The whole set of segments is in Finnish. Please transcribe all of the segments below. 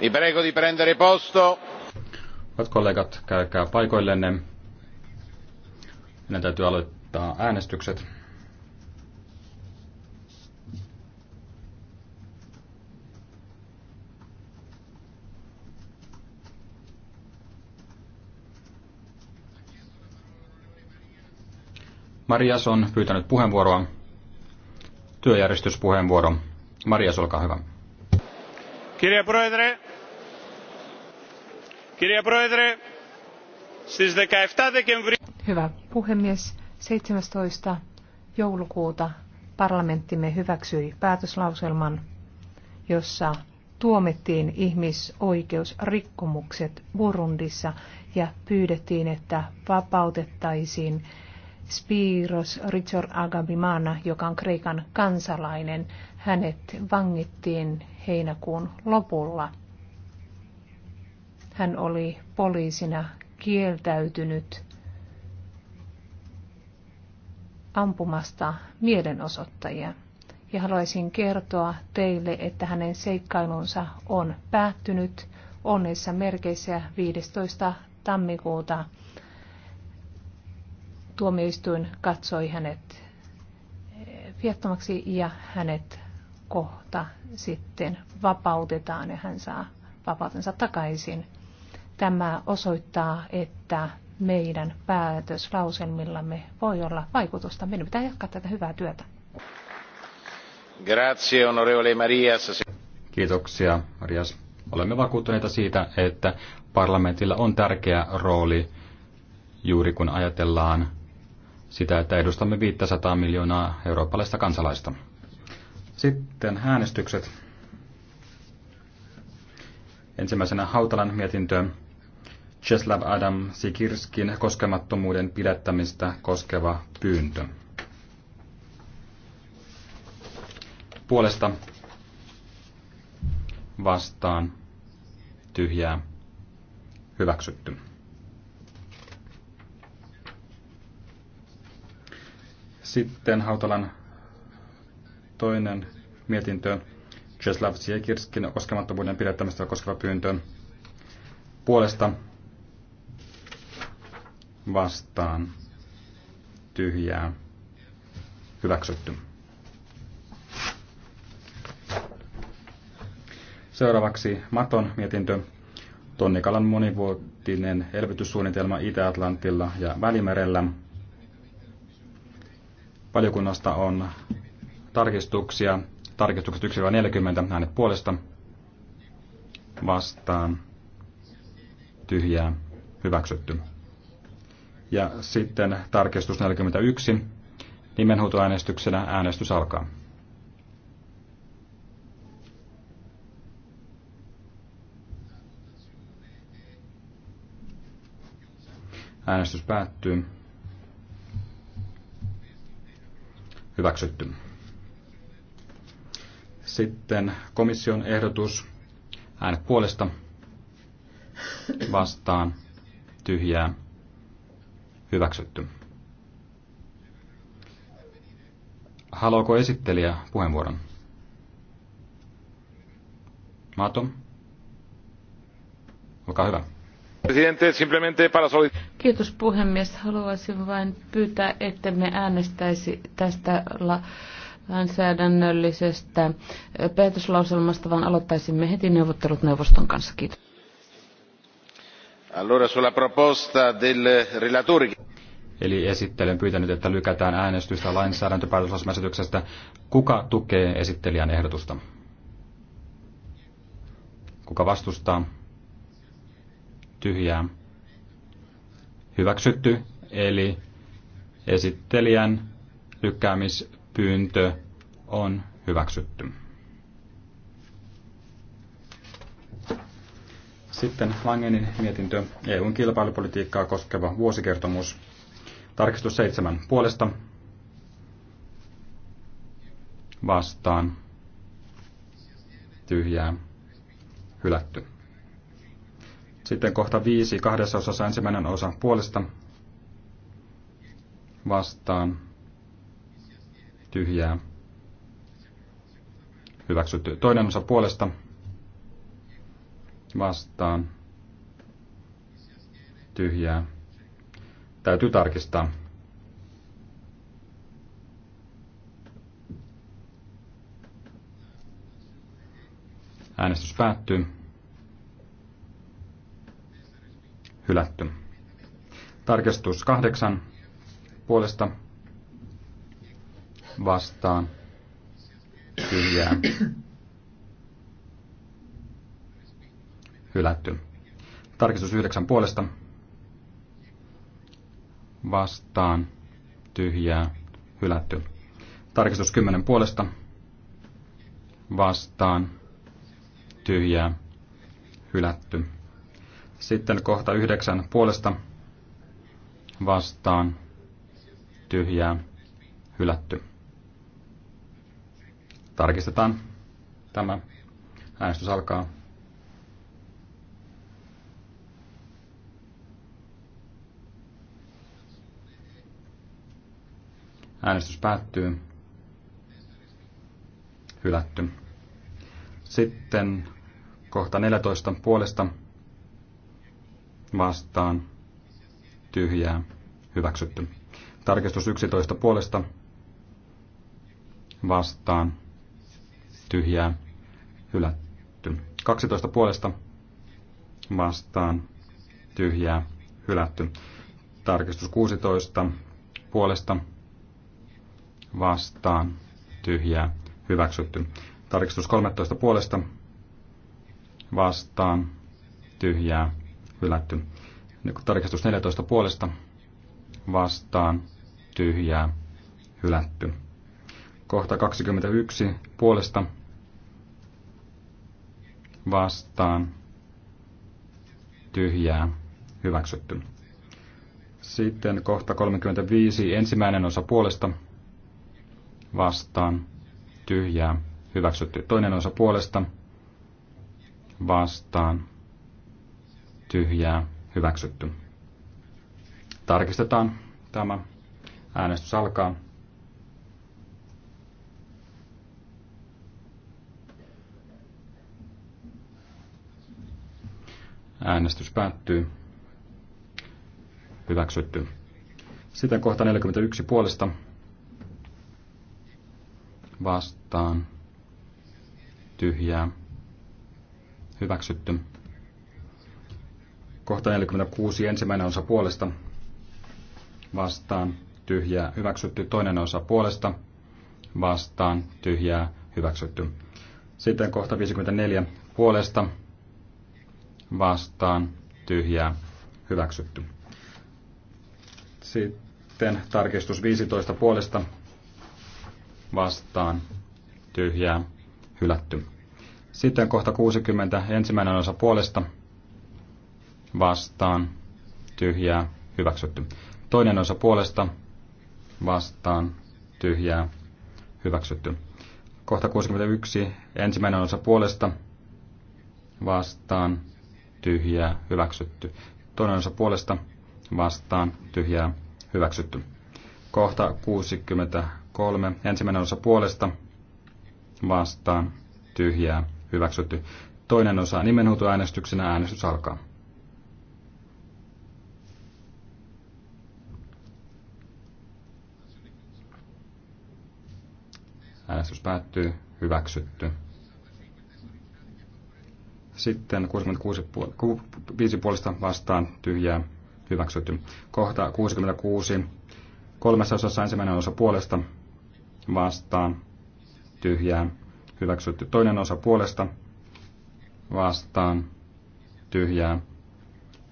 Vi prego di prendere posto. Hyvät kollegat, käykää paikoillenne. Meidän täytyy aloittaa äänestykset. Marias on pyytänyt puheenvuoroa. Työjärjestyspuheenvuoro. Marias, olkaa hyvä. Κύριε Πρόεδρε, κύριε Πρόεδρε, στις 17 Δεκεμβρίου... Hyvä puhemies, 17. joulukuuta parlamenttimme hyväksyi päätöslauselman, jossa tuomittiin ihmisoikeusrikkomukset Burundissa ja pyydettiin, että vapautettaisiin Spiros Ritsor Agabimana, joka on Kreikan kansalainen. Hänet vangittiin heinäkuun lopulla. Hän oli poliisina kieltäytynyt ampumasta mielenosoittajia. Ja haluaisin kertoa teille, että hänen seikkailunsa on päättynyt onnessa merkeissä 15. tammikuuta tuomioistuin katsoi hänet eh, viattomaksi ja hänet kohta sitten vapautetaan ja hän saa vapautensa takaisin. Tämä osoittaa, että meidän päätöslauselmillamme voi olla vaikutusta. Meidän pitää jatkaa tätä hyvää työtä. Grazie, onorevole Marias. Kiitoksia, Marias. Olemme vakuuttuneita siitä, että parlamentilla on tärkeä rooli juuri kun ajatellaan sitä, että edustamme 500 miljoonaa eurooppalaista kansalaista. Sitten äänestykset. Ensimmäisenä Hautalan mietintö Czeslaw Adam Sikirskin koskemattomuuden pidättämistä koskeva pyyntö. Puolesta vastaan tyhjää hyväksytty. Sitten Hautalan toinen mietintö Czeslaw Siekirskin koskemattomuuden pidettämistä koskeva pyyntö puolesta vastaan tyhjää hyväksytty. Seuraavaksi Maton mietintö Tonnikalan monivuotinen elvytyssuunnitelma Itä-Atlantilla ja Välimerellä valiokunnasta on tarkistuksia. Tarkistukset 1-40 äänet puolesta vastaan tyhjää hyväksytty. Ja sitten tarkistus 41. Nimenhuutoäänestyksenä äänestys alkaa. Äänestys päättyy. hyväksytty. Sitten komission ehdotus, äänet puolesta, vastaan, tyhjää, hyväksytty. Haluaako esittelijä puheenvuoron? Mato, olkaa hyvä. Kiitos puhemies. Haluaisin vain pyytää, että me äänestäisi tästä lainsäädännöllisestä päätöslauselmasta, vaan aloittaisimme heti neuvottelut neuvoston kanssa. Kiitos. Allora sulla proposta del relatore. Eli esittelen pyytänyt, että lykätään äänestystä lainsäädäntöpäätöslauselmaesityksestä. Kuka tukee esittelijän ehdotusta? Kuka vastustaa? tyhjää hyväksytty, eli esittelijän lykkäämispyyntö on hyväksytty. Sitten Langenin mietintö EUn kilpailupolitiikkaa koskeva vuosikertomus. Tarkistus seitsemän puolesta vastaan tyhjää hylätty. Sitten kohta viisi, kahdessa osassa ensimmäinen osa puolesta vastaan tyhjää hyväksytty. Toinen osa puolesta vastaan tyhjää. Täytyy tarkistaa. Äänestys päättyy. hylätty. Tarkistus kahdeksan puolesta vastaan tyhjää hylätty. Tarkistus yhdeksän puolesta vastaan tyhjää hylätty. Tarkistus kymmenen puolesta vastaan tyhjää hylätty. Sitten kohta yhdeksän puolesta vastaan tyhjää hylätty. Tarkistetaan tämä. Äänestys alkaa. Äänestys päättyy. Hylätty. Sitten kohta 14 puolesta vastaan tyhjää hyväksytty. Tarkistus 11 puolesta vastaan tyhjää hylätty. 12 puolesta vastaan tyhjää hylätty. Tarkistus 16 puolesta vastaan tyhjää hyväksytty. Tarkistus 13 puolesta vastaan tyhjää hylätty. Tarkistus 14 puolesta vastaan tyhjää hylätty. Kohta 21 puolesta vastaan tyhjää hyväksytty. Sitten kohta 35 ensimmäinen osa puolesta vastaan tyhjää hyväksytty. Toinen osa puolesta vastaan tyhjää, hyväksytty. Tarkistetaan tämä. Äänestys alkaa. Äänestys päättyy. Hyväksytty. Sitten kohta 41 puolesta vastaan tyhjää hyväksytty. Kohta 46. Ensimmäinen osa puolesta. Vastaan. Tyhjää. Hyväksytty. Toinen osa puolesta. Vastaan. Tyhjää. Hyväksytty. Sitten kohta 54. Puolesta. Vastaan. Tyhjää. Hyväksytty. Sitten tarkistus 15 puolesta vastaan tyhjää hylätty. Sitten kohta 60 ensimmäinen osa puolesta vastaan, tyhjää, hyväksytty. Toinen osa puolesta, vastaan, tyhjää, hyväksytty. Kohta 61, ensimmäinen osa puolesta, vastaan, tyhjää, hyväksytty. Toinen osa puolesta, vastaan, tyhjää, hyväksytty. Kohta 63, ensimmäinen osa puolesta, vastaan, tyhjää, hyväksytty. Toinen osa nimenhuutoäänestyksenä äänestys alkaa. Äänestys päättyy. Hyväksytty. Sitten 65 puolesta vastaan tyhjää hyväksytty. Kohta 66. Kolmessa osassa ensimmäinen osa puolesta vastaan tyhjää hyväksytty. Toinen osa puolesta vastaan tyhjää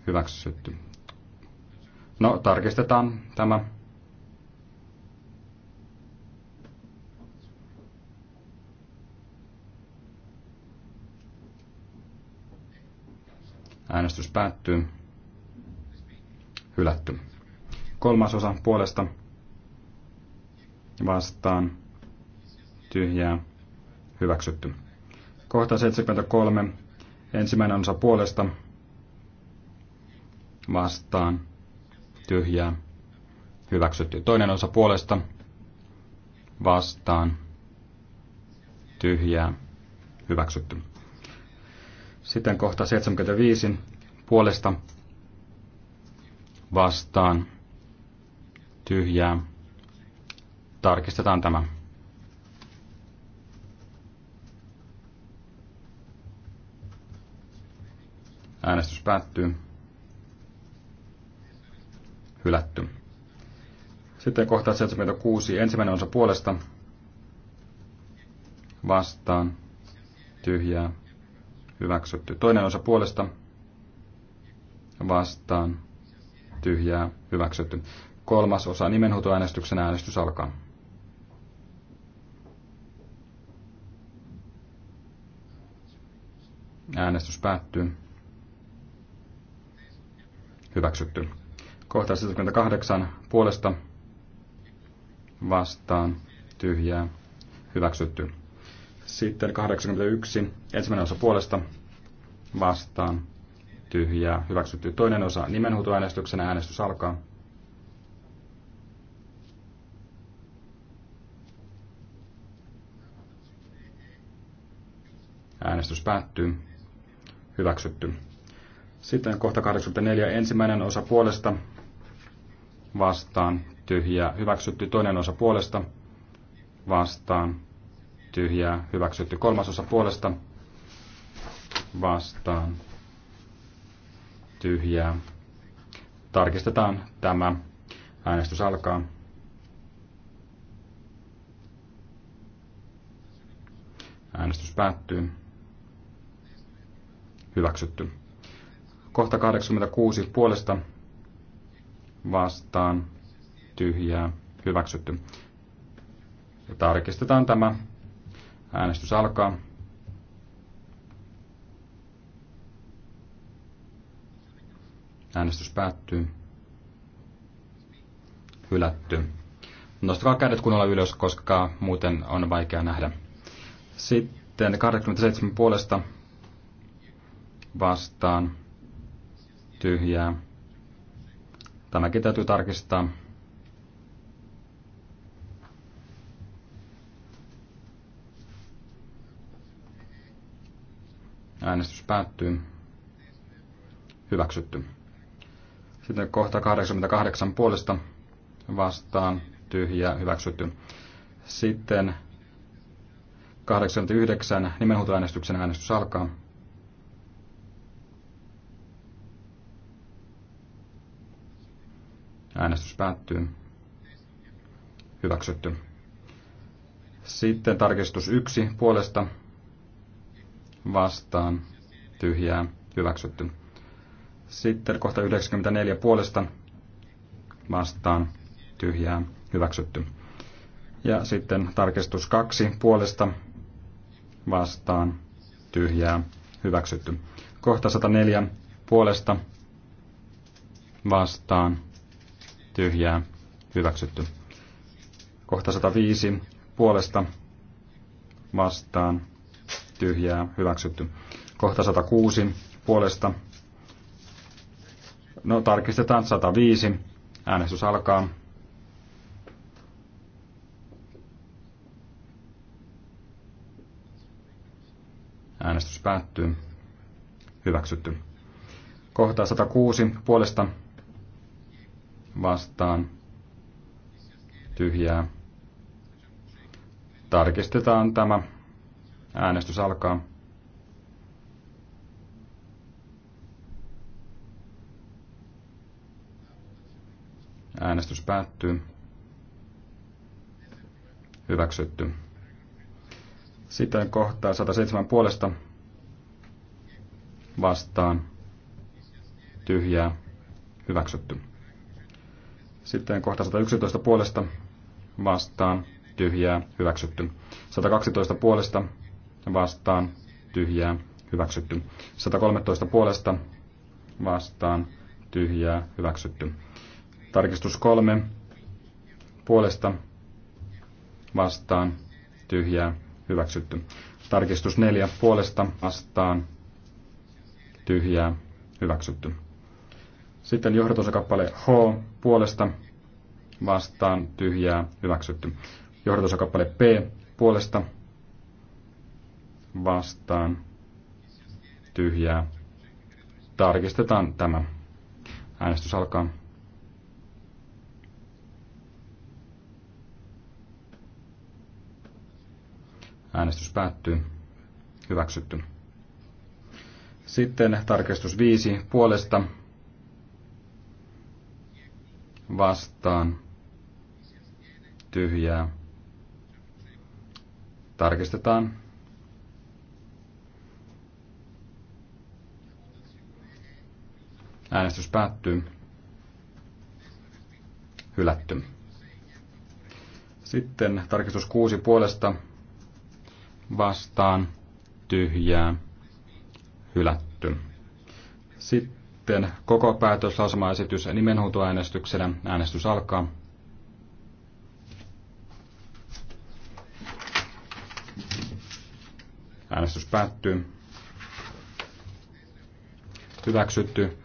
hyväksytty. No, tarkistetaan tämä Äänestys päättyy. Hylätty. Kolmas osa puolesta. Vastaan. Tyhjää. Hyväksytty. Kohta 73. Ensimmäinen osa puolesta. Vastaan. Tyhjää. Hyväksytty. Toinen osa puolesta. Vastaan. Tyhjää. Hyväksytty. Sitten kohta 75 puolesta vastaan tyhjää. Tarkistetaan tämä. Äänestys päättyy. Hylätty. Sitten kohta 76. Ensimmäinen osa puolesta. Vastaan. Tyhjää hyväksytty. Toinen osa puolesta vastaan tyhjää hyväksytty. Kolmas osa nimenhuutoäänestyksen äänestys alkaa. Äänestys päättyy. Hyväksytty. Kohta 78 puolesta vastaan tyhjää hyväksytty. Sitten 81, ensimmäinen osa puolesta vastaan tyhjää. Hyväksytty toinen osa nimenhuutoäänestyksenä. Äänestys alkaa. Äänestys päättyy. Hyväksytty. Sitten kohta 84. Ensimmäinen osa puolesta vastaan tyhjää. Hyväksytty toinen osa puolesta vastaan tyhjää hyväksytty. Kolmasosa puolesta vastaan tyhjää. Tarkistetaan tämä. Äänestys alkaa. Äänestys päättyy. Hyväksytty. Kohta 86 puolesta vastaan tyhjää hyväksytty. Ja tarkistetaan tämä. Äänestys alkaa. Äänestys päättyy. Hylätty. Nostakaa kädet kunnolla ylös, koska muuten on vaikea nähdä. Sitten 87 puolesta vastaan tyhjää. Tämäkin täytyy tarkistaa. Äänestys päättyy. Hyväksytty. Sitten kohta 88 puolesta vastaan tyhjä hyväksytty. Sitten 89 nimenhuutoäänestyksen äänestys alkaa. Äänestys päättyy. Hyväksytty. Sitten tarkistus 1 puolesta vastaan tyhjää hyväksytty. Sitten kohta 94 puolesta vastaan tyhjää hyväksytty. Ja sitten tarkistus 2 puolesta vastaan tyhjää hyväksytty. Kohta 104 puolesta vastaan tyhjää hyväksytty. Kohta 105 puolesta vastaan tyhjää hyväksytty. Kohta 106 puolesta. No tarkistetaan 105. Äänestys alkaa. Äänestys päättyy. Hyväksytty. Kohta 106 puolesta vastaan tyhjää. Tarkistetaan tämä Äänestys alkaa. Äänestys päättyy. Hyväksytty. Sitten kohtaa 107 puolesta vastaan tyhjää hyväksytty. Sitten kohta 111 puolesta vastaan tyhjää hyväksytty. 112 puolesta vastaan tyhjää hyväksytty. 113 puolesta vastaan tyhjää hyväksytty. Tarkistus 3 puolesta vastaan tyhjää hyväksytty. Tarkistus 4 puolesta vastaan tyhjää hyväksytty. Sitten johdatusosakappale H puolesta vastaan tyhjää hyväksytty. Johdatusosakappale P puolesta vastaan tyhjää. Tarkistetaan tämä. Äänestys alkaa. Äänestys päättyy. Hyväksytty. Sitten tarkistus 5 puolesta vastaan tyhjää. Tarkistetaan Äänestys päättyy. Hylätty. Sitten tarkistus kuusi puolesta vastaan tyhjää hylätty. Sitten koko päätöslausumaesitys nimenhuutoäänestyksellä. Äänestys alkaa. Äänestys päättyy. Hyväksytty.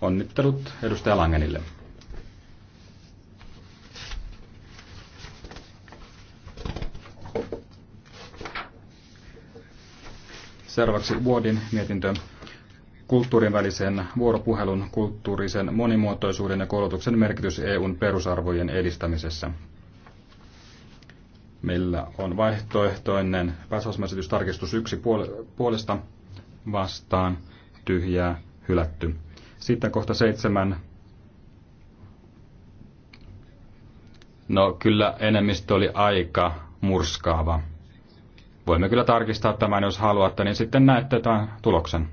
Onnittelut edustaja Langenille. Seuraavaksi Vuodin mietintö kulttuurin välisen vuoropuhelun, kulttuurisen monimuotoisuuden ja koulutuksen merkitys EUn perusarvojen edistämisessä. Meillä on vaihtoehtoinen pääsosmäsitystarkistus yksi puolesta vastaan, tyhjää, hylätty. Sitten kohta seitsemän. No kyllä enemmistö oli aika murskaava. Voimme kyllä tarkistaa tämän, jos haluatte, niin sitten näette tämän tuloksen.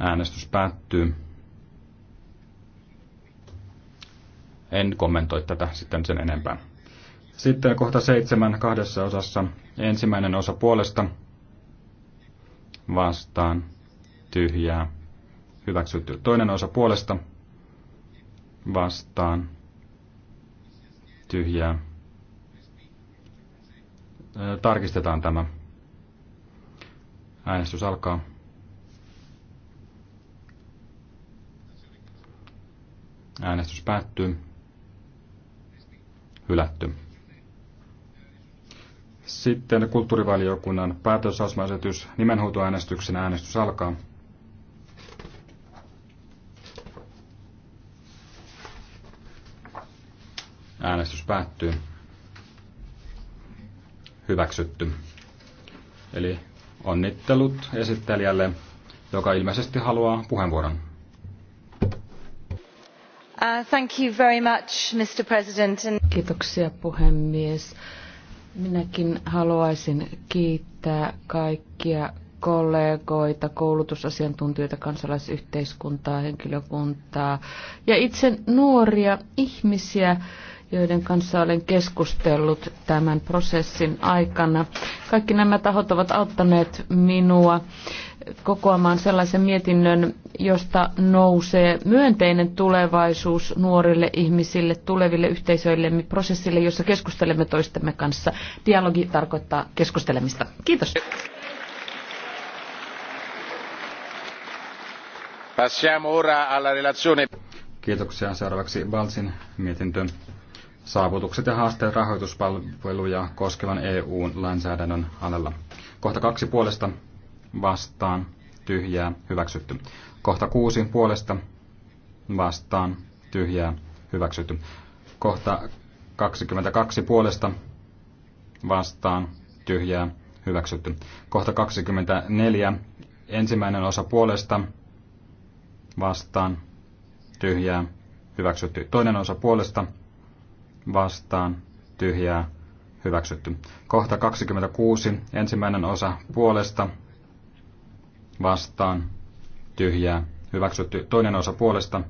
Äänestys päättyy. En kommentoi tätä sitten sen enempää. Sitten kohta seitsemän kahdessa osassa. Ensimmäinen osa puolesta vastaan tyhjää hyväksytty. Toinen osa puolesta vastaan tyhjää. Tarkistetaan tämä. Äänestys alkaa. Äänestys päättyy. Hylätty. Sitten kulttuurivaliokunnan päätösasmaisetys nimenhuutoäänestyksen äänestys alkaa. Äänestys päättyy. Hyväksytty. Eli onnittelut esittelijälle, joka ilmeisesti haluaa puheenvuoron. Uh, thank you very much, Mr. President. Kiitoksia puhemies. Minäkin haluaisin kiittää kaikkia kollegoita, koulutusasiantuntijoita, kansalaisyhteiskuntaa, henkilökuntaa ja itse nuoria ihmisiä, joiden kanssa olen keskustellut tämän prosessin aikana. Kaikki nämä tahot ovat auttaneet minua kokoamaan sellaisen mietinnön, josta nousee myönteinen tulevaisuus nuorille ihmisille, tuleville yhteisöille, prosessille, jossa keskustelemme toistemme kanssa. Dialogi tarkoittaa keskustelemista. Kiitos. Passiamo ora alla relazione. Kiitoksia. Seuraavaksi Balsin mietintöön saavutukset ja haasteet rahoituspalveluja koskevan EU-lainsäädännön alalla. Kohta kaksi puolesta vastaan tyhjää hyväksytty. Kohta kuusi puolesta vastaan tyhjää hyväksytty. Kohta 22 puolesta vastaan tyhjää hyväksytty. Kohta 24 ensimmäinen osa puolesta vastaan tyhjää hyväksytty. Toinen osa puolesta vastaan tyhjää hyväksytty. Kohta 26, ensimmäinen osa puolesta vastaan tyhjää hyväksytty. Toinen osa puolesta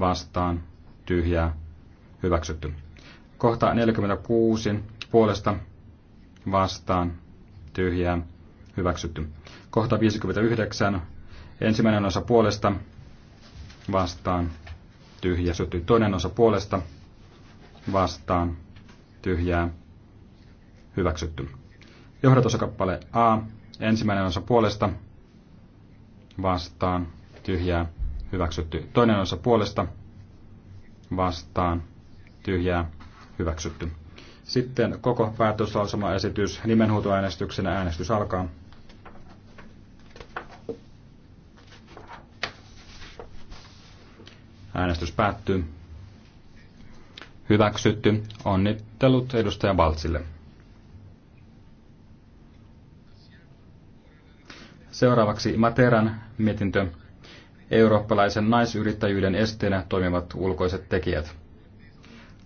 vastaan tyhjää hyväksytty. Kohta 46 puolesta vastaan tyhjää hyväksytty. Kohta 59 ensimmäinen osa puolesta vastaan tyhjä sytty. Toinen osa puolesta vastaan tyhjää hyväksytty. Johdatusosakappale A, ensimmäinen osa puolesta vastaan tyhjää hyväksytty. Toinen osa puolesta vastaan tyhjää hyväksytty. Sitten koko esitys nimenhuutoäänestyksenä äänestys alkaa. Äänestys päättyy. Hyväksytty. Onnittelut edustaja Baltsille. Seuraavaksi Materan mietintö. Eurooppalaisen naisyrittäjyyden esteenä toimivat ulkoiset tekijät.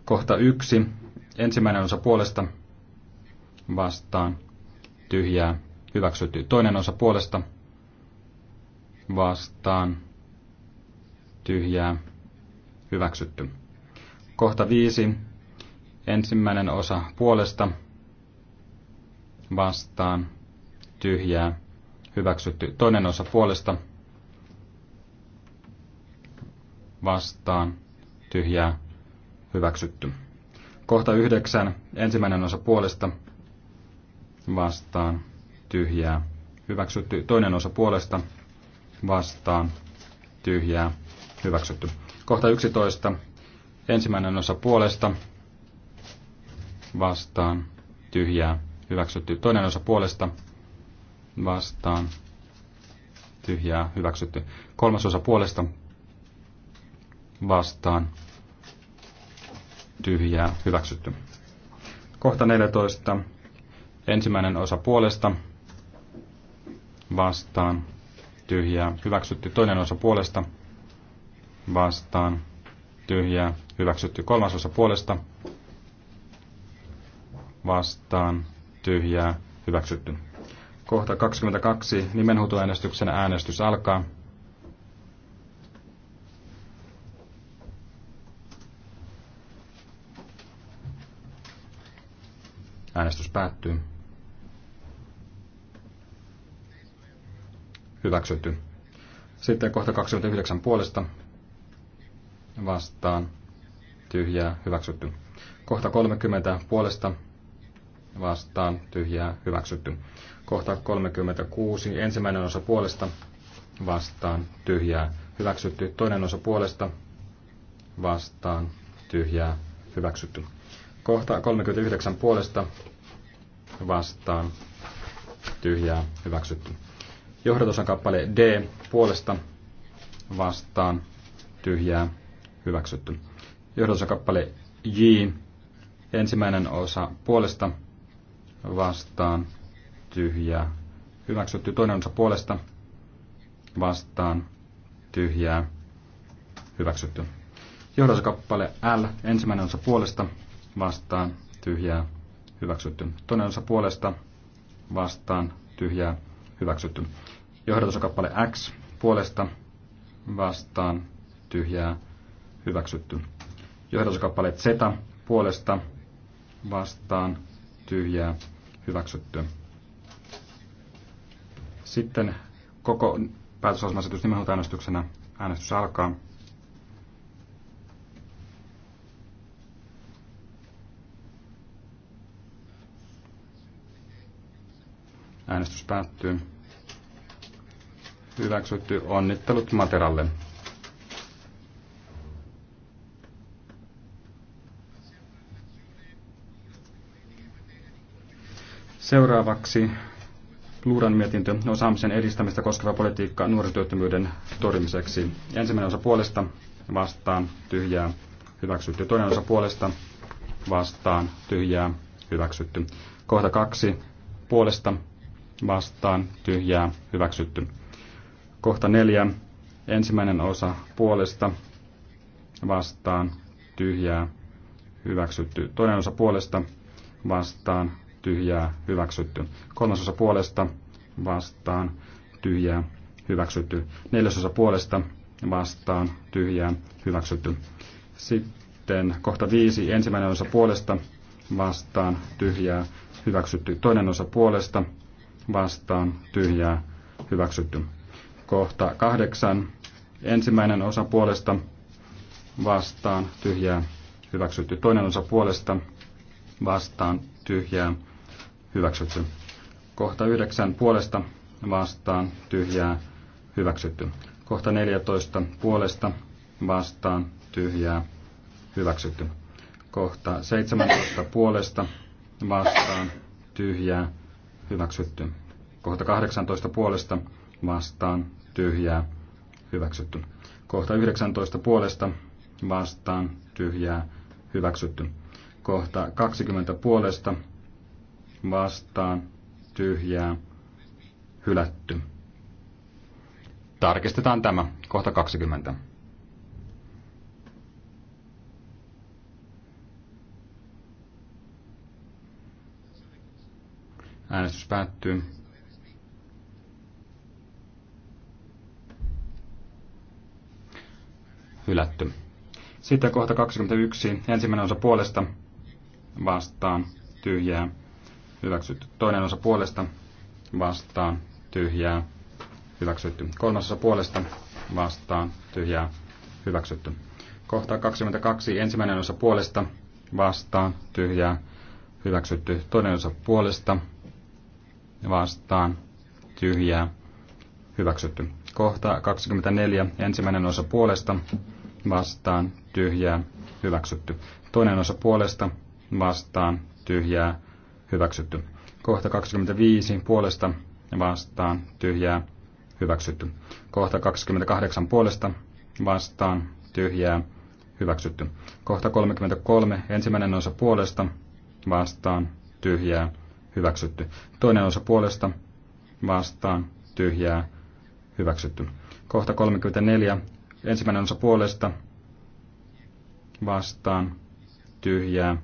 Kohta yksi. Ensimmäinen osa puolesta vastaan. Tyhjää. Hyväksytty. Toinen osa puolesta vastaan. Tyhjää. Hyväksytty. Kohta viisi. Ensimmäinen osa puolesta vastaan tyhjää hyväksytty. Toinen osa puolesta vastaan tyhjää hyväksytty. Kohta yhdeksän. Ensimmäinen osa puolesta vastaan tyhjää hyväksytty. Toinen osa puolesta vastaan tyhjää hyväksytty. Kohta 11. Ensimmäinen osa puolesta vastaan tyhjää hyväksytty. Toinen osa puolesta vastaan tyhjää hyväksytty. Kolmas osa puolesta vastaan tyhjää hyväksytty. Kohta 14. Ensimmäinen osa puolesta vastaan tyhjää hyväksytty. Toinen osa puolesta vastaan tyhjää, hyväksytty. Kolmasosa puolesta vastaan, tyhjää, hyväksytty. Kohta 22. Nimenhuutoäänestyksen äänestys alkaa. Äänestys päättyy. Hyväksytty. Sitten kohta 29 puolesta vastaan tyhjää hyväksytty. Kohta 30 puolesta vastaan tyhjää hyväksytty. Kohta 36 ensimmäinen osa puolesta vastaan tyhjää hyväksytty. Toinen osa puolesta vastaan tyhjää hyväksytty. Kohta 39 puolesta vastaan tyhjää hyväksytty. Johdatusan kappale D puolesta vastaan tyhjää hyväksytty. kappale J, ensimmäinen osa puolesta vastaan tyhjää hyväksytty. Toinen osa puolesta vastaan tyhjää hyväksytty. kappale L, ensimmäinen osa puolesta vastaan tyhjää hyväksytty. Toinen osa puolesta vastaan tyhjää hyväksytty. Johdatusokappale X puolesta vastaan tyhjää hyväksytty. Johdatuskappale Z puolesta vastaan tyhjää hyväksytty. Sitten koko päätösosmasetus nimenhuoltoäänestyksenä äänestys alkaa. Äänestys päättyy. Hyväksytty. Onnittelut Materalle. Seuraavaksi Luuran mietintö osaamisen edistämistä koskeva politiikka nuorisotyöttömyyden torjumiseksi. Ensimmäinen osa puolesta vastaan tyhjää hyväksytty. Toinen osa puolesta vastaan tyhjää hyväksytty. Kohta kaksi puolesta vastaan tyhjää hyväksytty. Kohta neljä ensimmäinen osa puolesta vastaan tyhjää hyväksytty. Toinen osa puolesta vastaan tyhjää hyväksytty. Kolmasosa puolesta vastaan tyhjää hyväksytty. Neljäsosa puolesta vastaan tyhjää hyväksytty. Sitten kohta viisi ensimmäinen osa puolesta vastaan tyhjää hyväksytty. Toinen osa puolesta vastaan tyhjää hyväksytty. Kohta kahdeksan ensimmäinen osa puolesta vastaan tyhjää hyväksytty. Toinen osa puolesta vastaan tyhjää hyväksytty. Kohta 9 puolesta vastaan tyhjää hyväksytty. Kohta 14 puolesta vastaan tyhjää hyväksytty. Kohta 17 puolesta vastaan tyhjää hyväksytty. Kohta 18 puolesta vastaan tyhjää hyväksytty. Kohta 19 puolesta vastaan tyhjää hyväksytty. Kohta 20 puolesta vastaan, tyhjää, hylätty. Tarkistetaan tämä, kohta 20. Äänestys päättyy. Hylätty. Sitten kohta 21. Ensimmäinen osa puolesta vastaan tyhjää hyväksytty. Toinen osa puolesta vastaan tyhjää hyväksytty. Kolmas osa puolesta vastaan tyhjää hyväksytty. Kohta 22. Ensimmäinen osa puolesta vastaan tyhjää hyväksytty. Toinen osa puolesta vastaan tyhjää hyväksytty. Kohta 24. Ensimmäinen osa puolesta vastaan tyhjää hyväksytty. Toinen osa puolesta vastaan tyhjää hyväksytty. Kohta 25 puolesta vastaan tyhjää hyväksytty. Kohta 28 puolesta vastaan tyhjää hyväksytty. Kohta 33 ensimmäinen osa puolesta vastaan tyhjää hyväksytty. Toinen osa puolesta vastaan tyhjää hyväksytty. Kohta 34 ensimmäinen osa puolesta vastaan tyhjää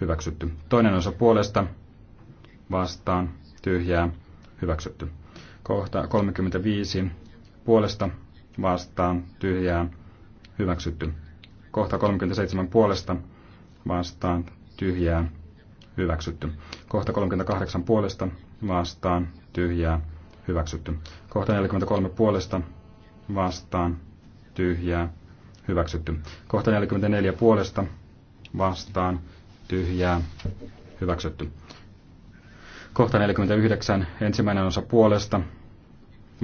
hyväksytty. Toinen osa puolesta vastaan tyhjää hyväksytty. Kohta 35 puolesta vastaan tyhjää hyväksytty. Kohta 37 puolesta vastaan tyhjää hyväksytty. Kohta 38 puolesta vastaan tyhjää hyväksytty. Kohta 43 puolesta vastaan tyhjää hyväksytty. Kohta 44 puolesta vastaan tyhjää, hyväksytty. Kohta 49, ensimmäinen osa puolesta,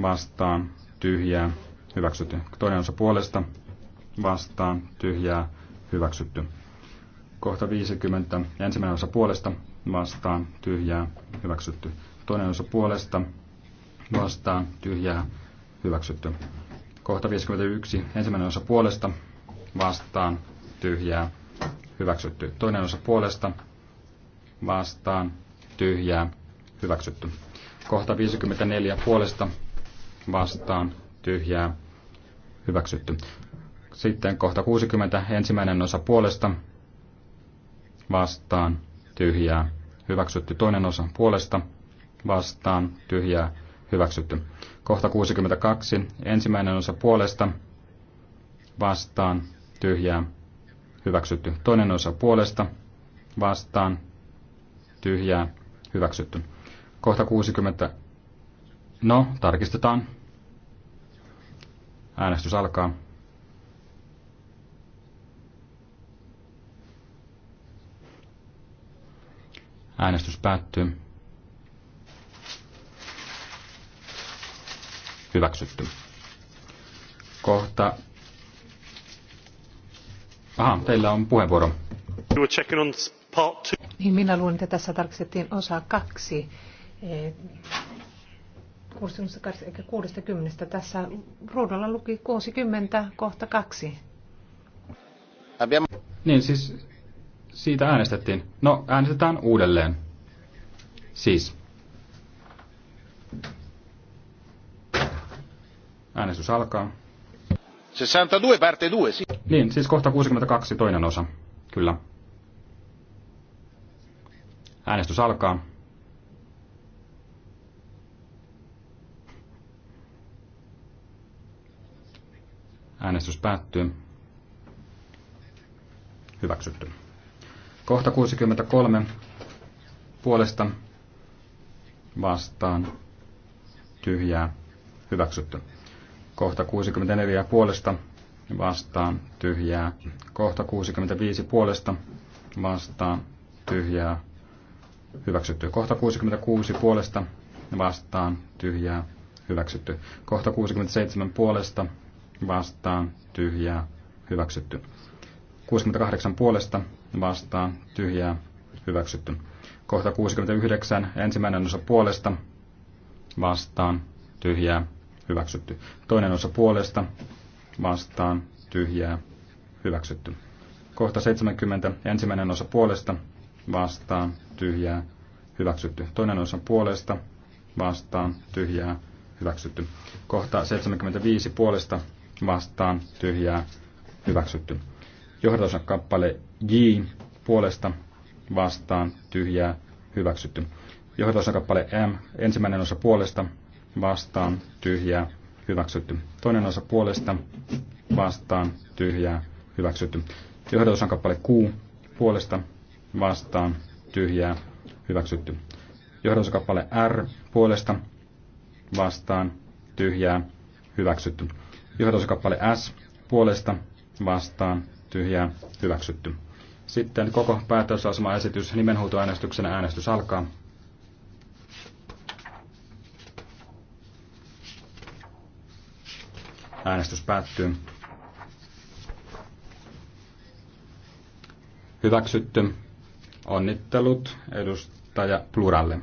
vastaan, tyhjää, hyväksytty. Toinen osa puolesta, vastaan, tyhjää, hyväksytty. Kohta 50, ensimmäinen osa puolesta, vastaan, tyhjää, hyväksytty. Toinen osa puolesta, vastaan, tyhjää, hyväksytty. Kohta 51, ensimmäinen osa puolesta, vastaan, tyhjää, hyväksytty. Toinen osa puolesta vastaan tyhjää hyväksytty. Kohta 54 puolesta vastaan tyhjää hyväksytty. Sitten kohta 60 ensimmäinen osa puolesta vastaan tyhjää hyväksytty. Toinen osa puolesta vastaan tyhjää hyväksytty. Kohta 62 ensimmäinen osa puolesta vastaan tyhjää hyväksytty. Toinen osa puolesta, vastaan, tyhjää, hyväksytty. Kohta 60. No, tarkistetaan. Äänestys alkaa. Äänestys päättyy. Hyväksytty. Kohta Aha, teillä on puheenvuoro. Niin, minä luulen, että tässä tarkistettiin osa kaksi. 60 e, tässä ruudulla luki 60 kohta kaksi. Niin siis siitä äänestettiin. No äänestetään uudelleen. Siis. Äänestys alkaa. 62 parte 2, Niin, siis kohta 62 toinen osa. Kyllä. Äänestys alkaa. Äänestys päättyy. Hyväksytty. Kohta 63 puolesta vastaan tyhjää hyväksytty. Kohta 64 puolesta vastaan tyhjää. Kohta 65 puolesta vastaan tyhjää. Hyväksytty. Kohta 66 puolesta vastaan tyhjää. Hyväksytty. Kohta 67 puolesta vastaan tyhjää. Hyväksytty. 68 puolesta vastaan tyhjää. Hyväksytty. Kohta 69 ensimmäinen osa puolesta vastaan tyhjää hyväksytty. Toinen osa puolesta, vastaan, tyhjää, hyväksytty. Kohta 70, ensimmäinen osa puolesta, vastaan, tyhjää, hyväksytty. Toinen osa puolesta, vastaan, tyhjää, hyväksytty. Kohta 75 puolesta, vastaan, tyhjää, hyväksytty. Johdatonsa kappale J puolesta, vastaan, tyhjää, hyväksytty. Johdatonsa kappale M, ensimmäinen osa puolesta, vastaan tyhjää hyväksytty. Toinen osa puolesta vastaan tyhjää hyväksytty. Johdatus on kappale Q puolesta vastaan tyhjää hyväksytty. Johdatus on kappale R puolesta vastaan tyhjää hyväksytty. Johdatus on kappale S puolesta vastaan tyhjää hyväksytty. Sitten koko esitys nimenhuutoäänestyksenä äänestys alkaa. Äänestys päättyy. Hyväksytty. Onnittelut edustaja Pluralle.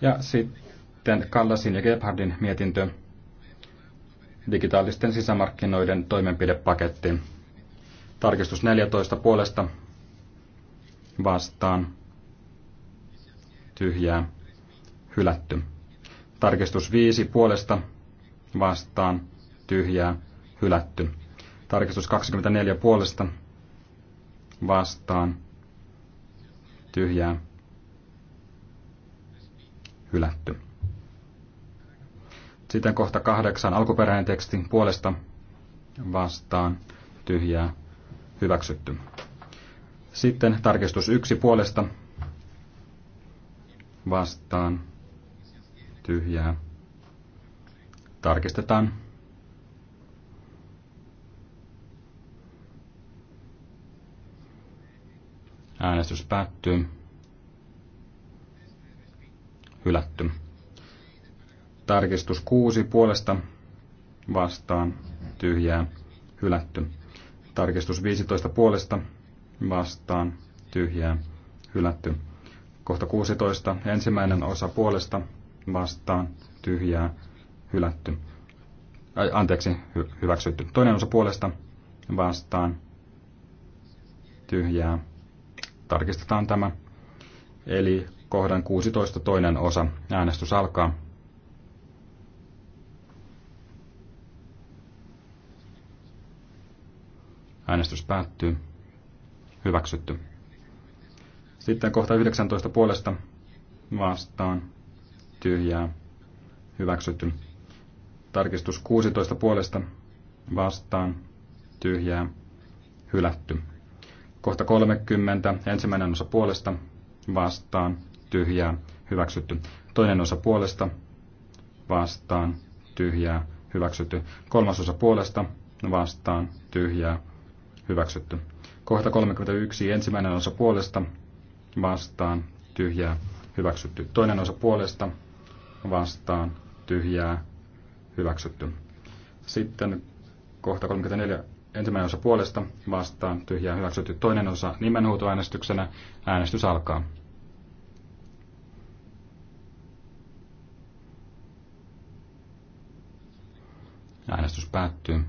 Ja sitten Kallasin ja Gebhardin mietintö digitaalisten sisämarkkinoiden toimenpidepaketti. Tarkistus 14 puolesta vastaan tyhjää hylätty. Tarkistus 5 puolesta vastaan tyhjää hylätty. Tarkistus 24 puolesta vastaan tyhjää hylätty. Sitten kohta kahdeksan alkuperäinen teksti puolesta vastaan tyhjää hyväksytty. Sitten tarkistus yksi puolesta vastaan tyhjää. Tarkistetaan. Äänestys päättyy. Hylätty. Tarkistus 6 puolesta vastaan tyhjää hylätty. Tarkistus 15 puolesta vastaan tyhjää hylätty. Kohta 16 ensimmäinen osa puolesta vastaan tyhjää hylätty. Ai, anteeksi, hy- hyväksytty. Toinen osa puolesta vastaan tyhjää. Tarkistetaan tämä. Eli kohdan 16 toinen osa. Äänestys alkaa. Äänestys päättyy. Hyväksytty. Sitten kohta 19 puolesta vastaan tyhjää hyväksytty. Tarkistus 16 puolesta vastaan tyhjää hylätty. Kohta 30 ensimmäinen osa puolesta vastaan tyhjää hyväksytty. Toinen osa puolesta vastaan tyhjää hyväksytty. Kolmas osa puolesta vastaan tyhjää hyväksytty. Kohta 31 ensimmäinen osa puolesta vastaan tyhjää hyväksytty. Toinen osa puolesta vastaan tyhjää hyväksytty. Sitten kohta 34 ensimmäinen osa puolesta vastaan tyhjää hyväksytty. Toinen osa nimenhuutoäänestyksenä. Äänestys alkaa. Äänestys päättyy.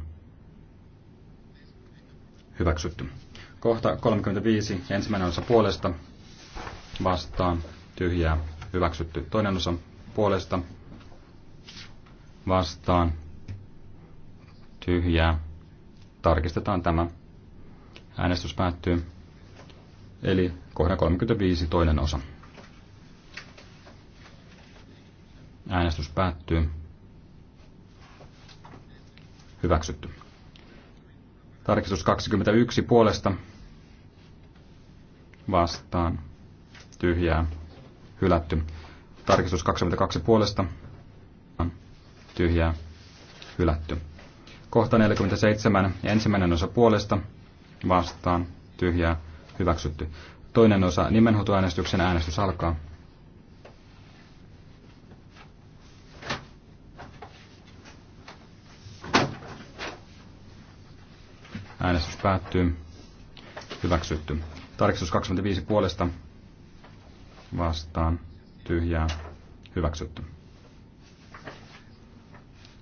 Hyväksytty. Kohta 35. Ensimmäinen osa puolesta vastaan tyhjää hyväksytty. Toinen osa puolesta vastaan tyhjää. Tarkistetaan tämä. Äänestys päättyy. Eli kohdan 35 toinen osa. Äänestys päättyy. Hyväksytty. Tarkistus 21 puolesta vastaan tyhjää hylätty. Tarkistus 22 puolesta. Tyhjää. Hylätty. Kohta 47. Ensimmäinen osa puolesta. Vastaan. Tyhjää. Hyväksytty. Toinen osa nimenhuutoäänestyksen äänestys alkaa. Äänestys päättyy. Hyväksytty. Tarkistus 25 puolesta vastaan tyhjää, hyväksytty.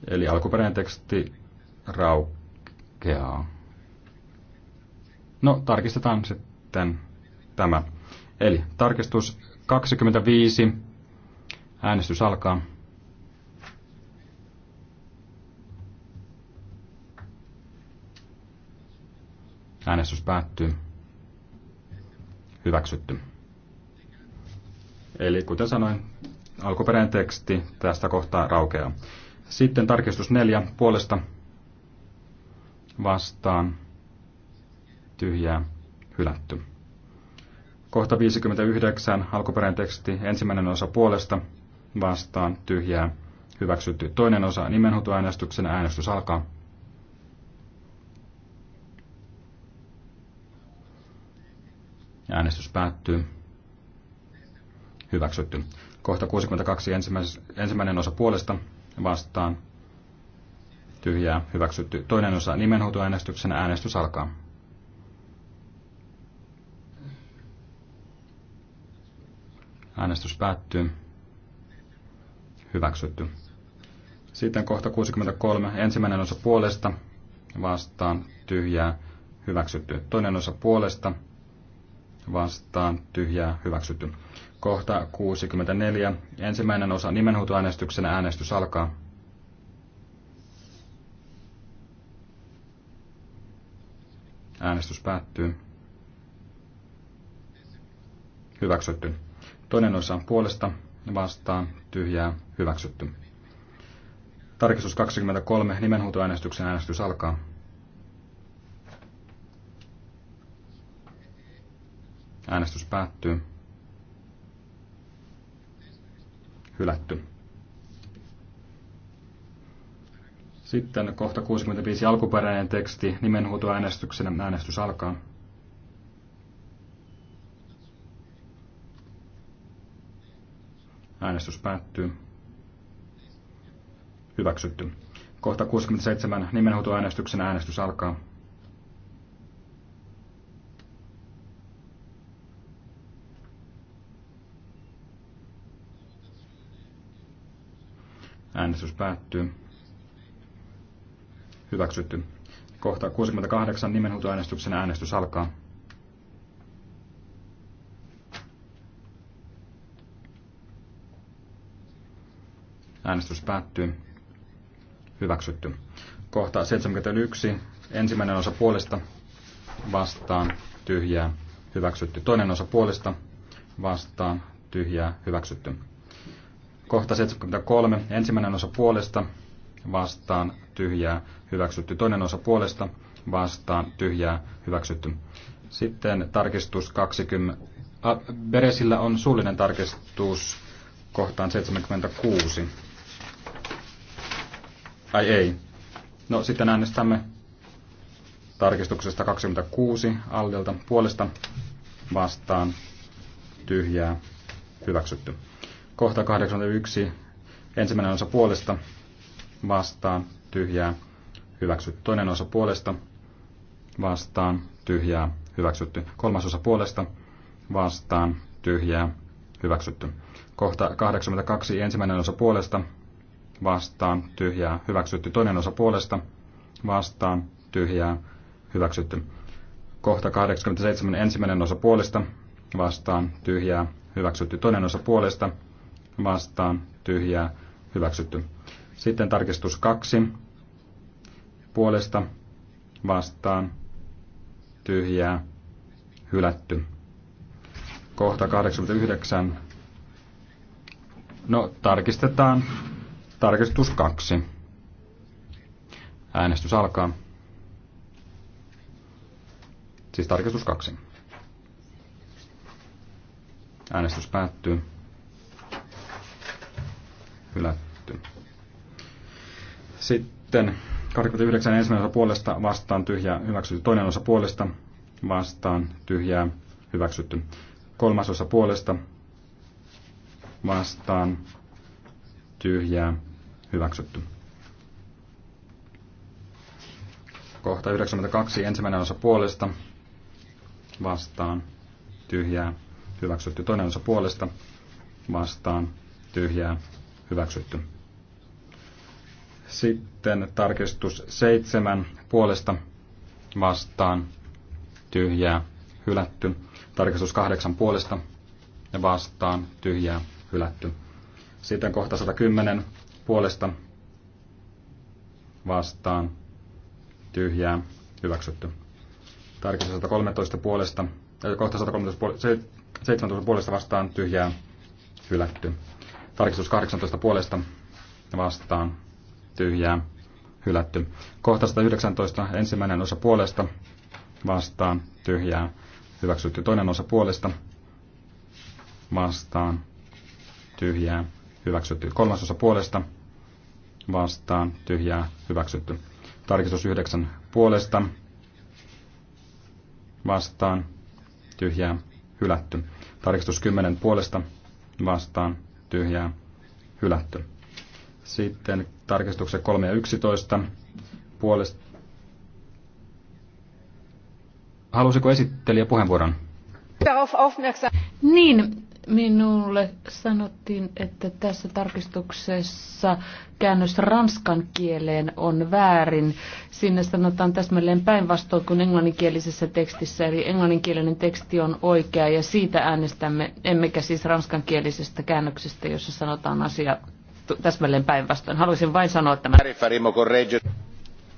Eli alkuperäinen teksti raukeaa. No, tarkistetaan sitten tämä. Eli tarkistus 25. Äänestys alkaa. Äänestys päättyy. Hyväksytty. Eli kuten sanoin, alkuperäinen teksti tästä kohtaa raukeaa. Sitten tarkistus neljä puolesta vastaan tyhjää hylätty. Kohta 59 alkuperäinen teksti ensimmäinen osa puolesta vastaan tyhjää hyväksytty. Toinen osa nimenhuutoäänestyksen äänestys alkaa. Äänestys päättyy hyväksytty. Kohta 62 ensimmäis, ensimmäinen osa puolesta vastaan tyhjää hyväksytty. Toinen osa nimenhuutoäänestyksen äänestys alkaa. Äänestys päättyy. Hyväksytty. Sitten kohta 63. Ensimmäinen osa puolesta vastaan tyhjää hyväksytty. Toinen osa puolesta vastaan tyhjää hyväksytty. Kohta 64. Ensimmäinen osa nimenhuutoäänestyksenä äänestys alkaa. Äänestys päättyy. Hyväksytty. Toinen osa puolesta vastaan tyhjää hyväksytty. Tarkistus 23. Nimenhuutoäänestyksen äänestys alkaa. Äänestys päättyy. hylätty. Sitten kohta 65 alkuperäinen teksti nimenhuutoäänestyksen äänestys alkaa. Äänestys päättyy. Hyväksytty. Kohta 67 nimenhuutoäänestyksen äänestys alkaa. Äänestys päättyy. Hyväksytty. Kohta 68 nimenhuutoäänestyksen äänestys alkaa. Äänestys päättyy. Hyväksytty. Kohta 71. Ensimmäinen osa puolesta vastaan tyhjää hyväksytty. Toinen osa puolesta vastaan tyhjää hyväksytty. Kohta 73. Ensimmäinen osa puolesta vastaan tyhjää hyväksytty. Toinen osa puolesta vastaan tyhjää hyväksytty. Sitten tarkistus 20. Beresillä on suullinen tarkistus kohtaan 76. Ai ei. No sitten äänestämme tarkistuksesta 26 Aldelta puolesta vastaan tyhjää hyväksytty. Kohta 81, ensimmäinen osa puolesta, vastaan, tyhjää, hyväksytty. Toinen osa puolesta, vastaan, tyhjää, hyväksytty. Kolmas osa puolesta, vastaan, tyhjää, hyväksytty. Kohta 82, ensimmäinen osa puolesta, vastaan, tyhjää, hyväksytty. Toinen osa puolesta, vastaan, tyhjää, hyväksytty. Kohta 87, ensimmäinen osa puolesta, vastaan, tyhjää, hyväksytty. Toinen osa puolesta, vastaan tyhjää hyväksytty. Sitten tarkistus kaksi puolesta vastaan tyhjää hylätty. Kohta 89. No, tarkistetaan. Tarkistus kaksi. Äänestys alkaa. Siis tarkistus kaksi. Äänestys päättyy hylätty. Sitten 29 ensimmäinen osa puolesta vastaan tyhjää hyväksytty. Toinen osa puolesta vastaan tyhjää hyväksytty. Kolmas osa puolesta vastaan tyhjää hyväksytty. Kohta 92 ensimmäinen osa puolesta vastaan tyhjää hyväksytty. Toinen osa puolesta vastaan tyhjää hyväksytty. Sitten tarkistus seitsemän puolesta vastaan tyhjää hylätty. Tarkistus kahdeksan puolesta vastaan tyhjää hylätty. Sitten kohta 110 puolesta vastaan tyhjää hyväksytty. Tarkistus 113 puolesta, äh, kohta 113 puolesta, 17 puolesta vastaan tyhjää hylätty. Tarkistus 18 puolesta vastaan tyhjää hylätty. Kohta 119 ensimmäinen osa puolesta vastaan tyhjää hyväksytty. Toinen osa puolesta vastaan tyhjää hyväksytty. Kolmas osa puolesta vastaan tyhjää hyväksytty. Tarkistus 9 puolesta vastaan tyhjää hylätty. Tarkistus 10 puolesta vastaan tyhjää hylätty. Sitten tarkistukset 3 ja 11 puolesta. Halusiko esittelijä puheenvuoron? Niin, Minulle sanottiin, että tässä tarkistuksessa käännös ranskan kieleen on väärin. Sinne sanotaan täsmälleen päinvastoin kuin englanninkielisessä tekstissä, eli englanninkielinen teksti on oikea ja siitä äänestämme, emmekä siis ranskankielisestä käännöksestä, jossa sanotaan asia täsmälleen päinvastoin. Haluaisin vain sanoa tämän.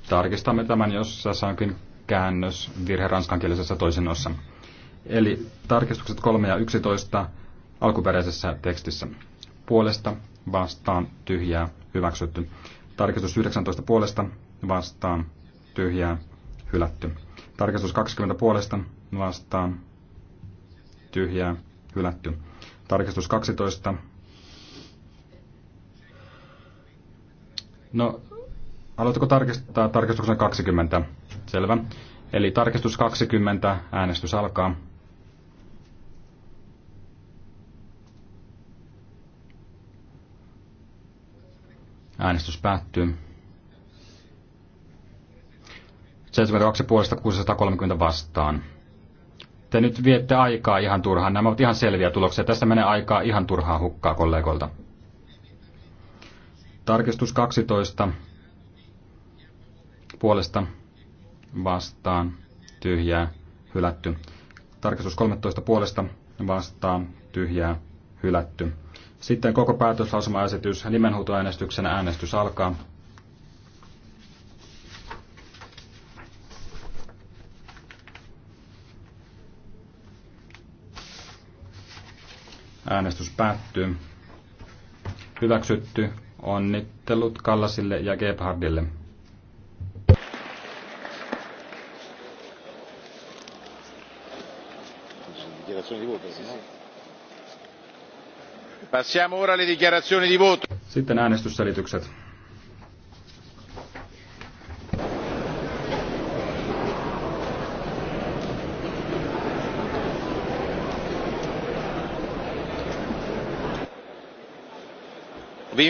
Tarkistamme tämän, jos tässä onkin käännös virhe ranskankielisessä toisennossa. Eli tarkistukset 3 ja 11 alkuperäisessä tekstissä. Puolesta vastaan tyhjää hyväksytty. Tarkistus 19 puolesta vastaan tyhjää hylätty. Tarkistus 20 puolesta vastaan tyhjää hylätty. Tarkistus 12. No, aloitteko tarkistaa tarkistuksen 20? Selvä. Eli tarkistus 20, äänestys alkaa. Äänestys päättyy. 72 puolesta 630 vastaan. Te nyt viette aikaa ihan turhaan. Nämä ovat ihan selviä tuloksia. Tässä menee aikaa ihan turhaa hukkaa kollegoilta. Tarkistus 12 puolesta vastaan tyhjää hylätty. Tarkistus 13 puolesta vastaan tyhjää hylätty. Sitten koko päätöslausumaesitys nimenhuutoäänestyksen äänestys alkaa. Äänestys päättyy. Hyväksytty. Onnittelut Kallasille ja Gebhardille. Dichiarazione no? Passiamo ora alle dichiarazioni di voto. Sitten äänestysselitykset.